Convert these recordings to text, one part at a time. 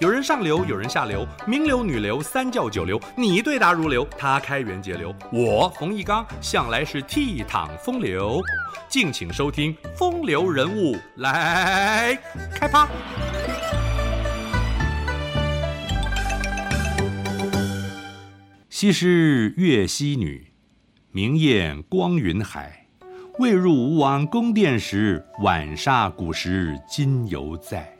有人上流，有人下流，名流、女流、三教九流，你對答如流，他開源節流，我馮翊綱向來是倜儻風流。敬請收聽《風流人物》來，來開趴。西施越溪女，明艷光雲海。未入吳王宮殿時，浣紗古石今猶在。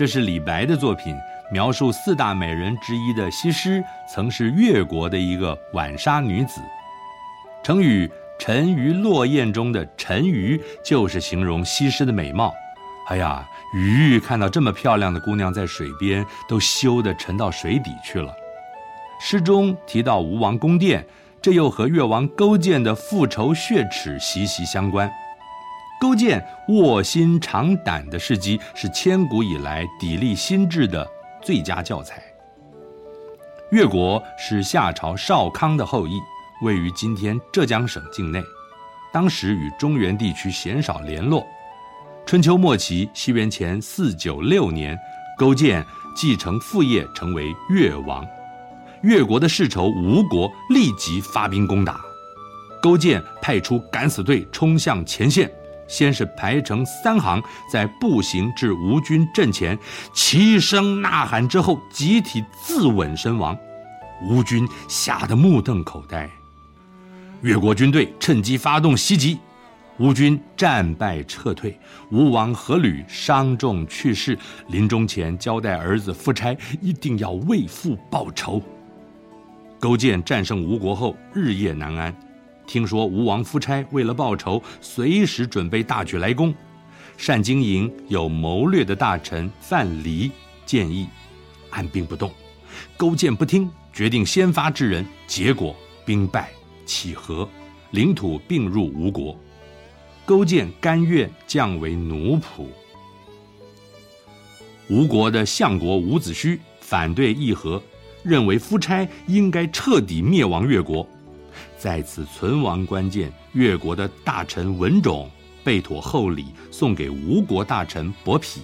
這是李白的作品，描述四大美人之一的西施曾是越國的一個浣紗女子。成語“沉魚落雁”中的“沉魚”就是形容西施的美貌。哎呀，魚看到這麼漂亮的姑娘在水邊，都羞得沉到水底去了。詩中提到吳王宮殿，這又和越王勾踐的復仇雪恥息息相關。勾踐臥薪嘗膽的事跡是千古以來砥礪心智的最佳教材。越國是夏朝少康的後裔，位於今天浙江省境內，當時與中原地區鮮少聯絡。春秋末期，西元前四九六年，勾踐繼承父業，成為越王。越國的世仇吳國立即發兵攻打，勾踐派出敢死隊衝向前線。先是排成三行，在步行至吳軍陣前，齊聲吶喊之後，集體自刎身亡。吳軍嚇得目瞪口呆，越國軍隊趁機發動襲擊，吳軍戰敗撤退。吳王闔閭傷重去世，臨終前交代兒子夫差一定要為父報仇。勾踐戰勝吳國後，日夜難安。聽說吳王夫差為了報仇，隨時準備大舉來攻。善經營、有謀略的大臣范蠡建議按兵不動。勾踐不聽，決定先發制人，結果兵敗，乞和，領土併入吳國。勾踐甘願降為奴僕。吳國的相國伍子胥反對議和，認為夫差應該徹底滅亡越國。在此存亡關鍵，越國的大臣文種備妥厚禮，送給吳國大臣伯嚭。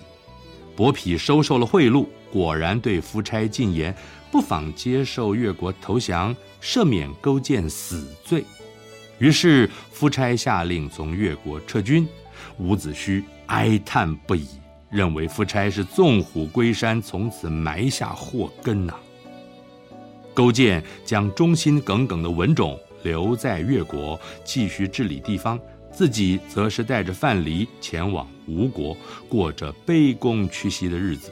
伯嚭收受了賄賂，果然對夫差進言，不妨接受越國投降，赦免勾踐死罪。於是夫差下令從越國撤軍。伍子胥哀嘆不已，認為夫差是縱虎歸山，從此埋下禍根吶、啊。勾踐將忠心耿耿的文種。留在越國繼續治理地方，自己則是帶着范蠡前往吳國，過着卑躬屈膝的日子。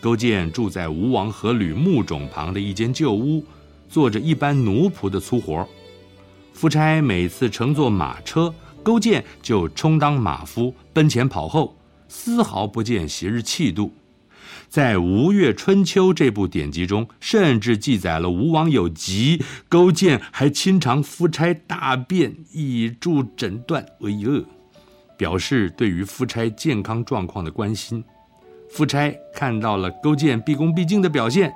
勾踐住在吳王闔閭墓冢旁的一間舊屋，做着一般奴僕的粗活。夫差每次乘坐馬車，勾踐就充當馬夫，奔前跑後，絲毫不見昔日氣度。在《吳越春秋》這部典籍中，甚至記載了吳王有疾，勾踐還親嘗夫差大便，以助診斷為由，哎，表示對於夫差健康狀況的關心。夫差看到了勾踐畢恭畢敬的表現，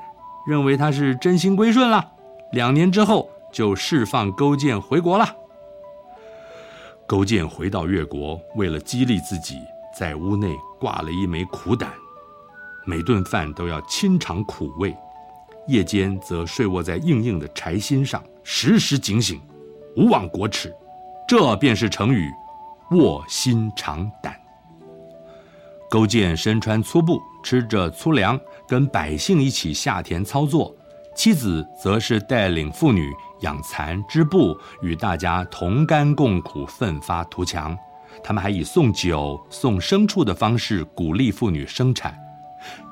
認為他是真心歸順了。兩年之後，就釋放勾踐回國了。勾踐回到越國，為了激勵自己，在屋內掛了一枚苦膽。每頓飯都要親嘗苦味，夜間則睡臥在硬硬的柴薪上，時時警醒，勿忘國恥。這便是成語“臥薪嘗膽”。勾踐身穿粗布，吃着粗糧，跟百姓一起下田操作；妻子則是帶領婦女養蠶織布，與大家同甘共苦，奮發圖強。他們還以送酒、送牲畜的方式鼓勵婦女生產。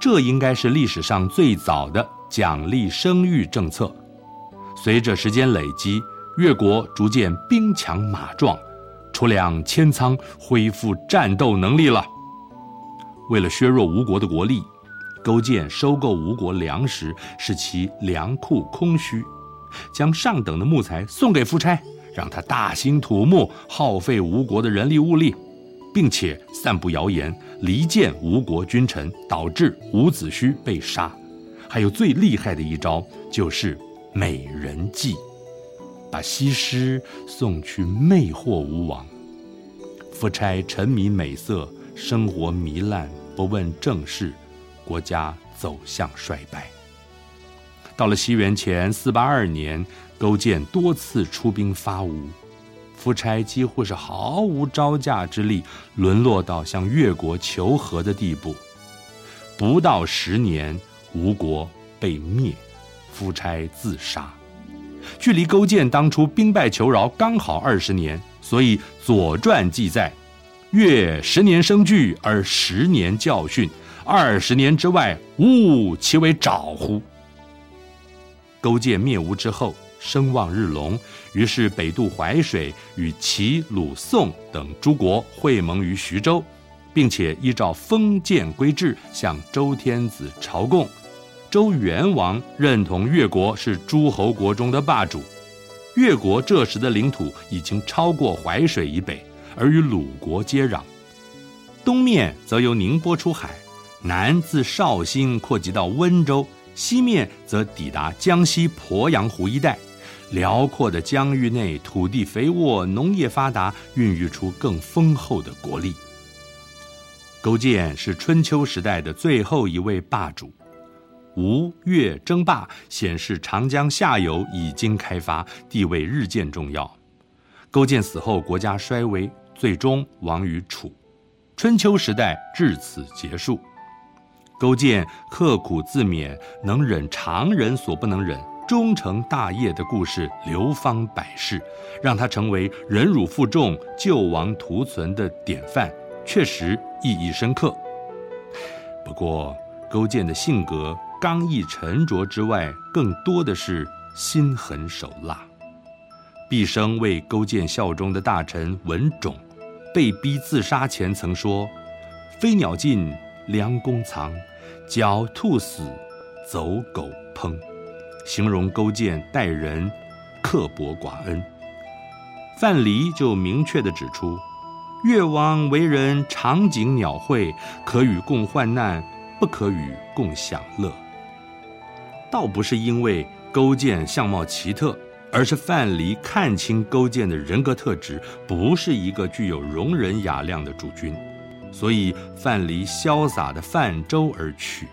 這應該是歷史上最早的獎勵生育政策。隨着時間累積，越國逐漸兵強馬壯，出糧千倉，恢復戰鬥能力了。為了削弱吳國的國力，勾踐收購吳國糧食，使其糧庫空虛；將上等的木材送給夫差，讓他大興土木，耗費吳國的人力物力。並且散佈謠言，離間吳國君臣，導致伍子胥被殺。還有最厲害的一招就是美人計，把西施送去魅惑吳王。夫差沉迷美色，生活糜爛，不問政事，國家走向衰敗。到了西元前四八二年，勾踐多次出兵伐吳。夫差幾乎是毫無招架之力，淪落到向越國求和的地步。不到十年，吳國被滅，夫差自殺。距離勾踐當初兵敗求饒剛好二十年，所以《左傳》記載：“越十年生聚而十年教訓，二十年之外，吾其為沼乎？”勾踐滅吳之後。聲望日隆，於是北渡淮水，與齊、魯、宋等諸國會盟於徐州，並且依照封建規制向周天子朝貢。周元王認同越國是諸侯國中的霸主。越國這時的領土已經超過淮水以北，而與魯國接壤；東面則由寧波出海，南自紹興擴及到溫州，西面則抵達江西鄱陽湖一帶。遼闊的疆域內，土地肥沃，農業發達，孕育出更豐厚的國力。勾踐是春秋時代的最後一位霸主，吳越爭霸顯示長江下游已經開發，地位日漸重要。勾踐死後，國家衰微，最終亡於楚。春秋時代至此結束。勾踐刻苦自勉，能忍常人所不能忍。終成大業的故事流芳百世，讓他成為忍辱負重、救亡圖存的典範，確實意義深刻。不過，勾踐的性格剛毅沉着之外，更多的是心狠手辣。畢生為勾踐效忠的大臣文種，被逼自殺前曾說：“飛鳥盡，良弓藏；狡兔死，走狗烹。”形容勾踐待人刻薄寡恩，范蠡就明確地指出，越王為人長頸鳥喙，可與共患難，不可與共享樂。倒不是因為勾踐相貌奇特，而是范蠡看清勾踐的人格特質，不是一個具有容人雅量的主君，所以范蠡瀟灑地泛舟而去。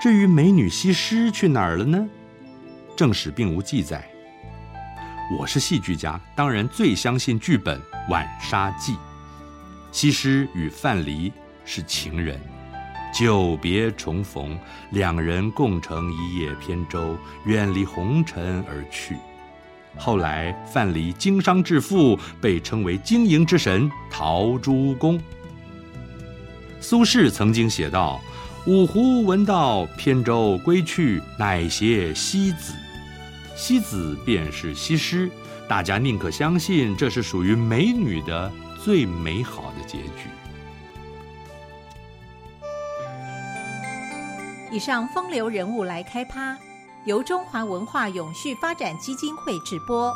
至於美女西施去哪兒了呢？正史並無記載。我是戲劇家，當然最相信劇本《浣紗記》。西施與范蠡是情人，久別重逢，兩人共乘一葉扁舟，遠離紅塵而去。後來范蠡經商致富，被稱為經營之神陶朱公。蘇軾曾經寫道。五湖聞道扁舟歸去，乃攜西子。西子便是西施，大家寧可相信這是屬於美女的最美好的結局。以上風流人物來開趴，由中華文化永續發展基金會直播。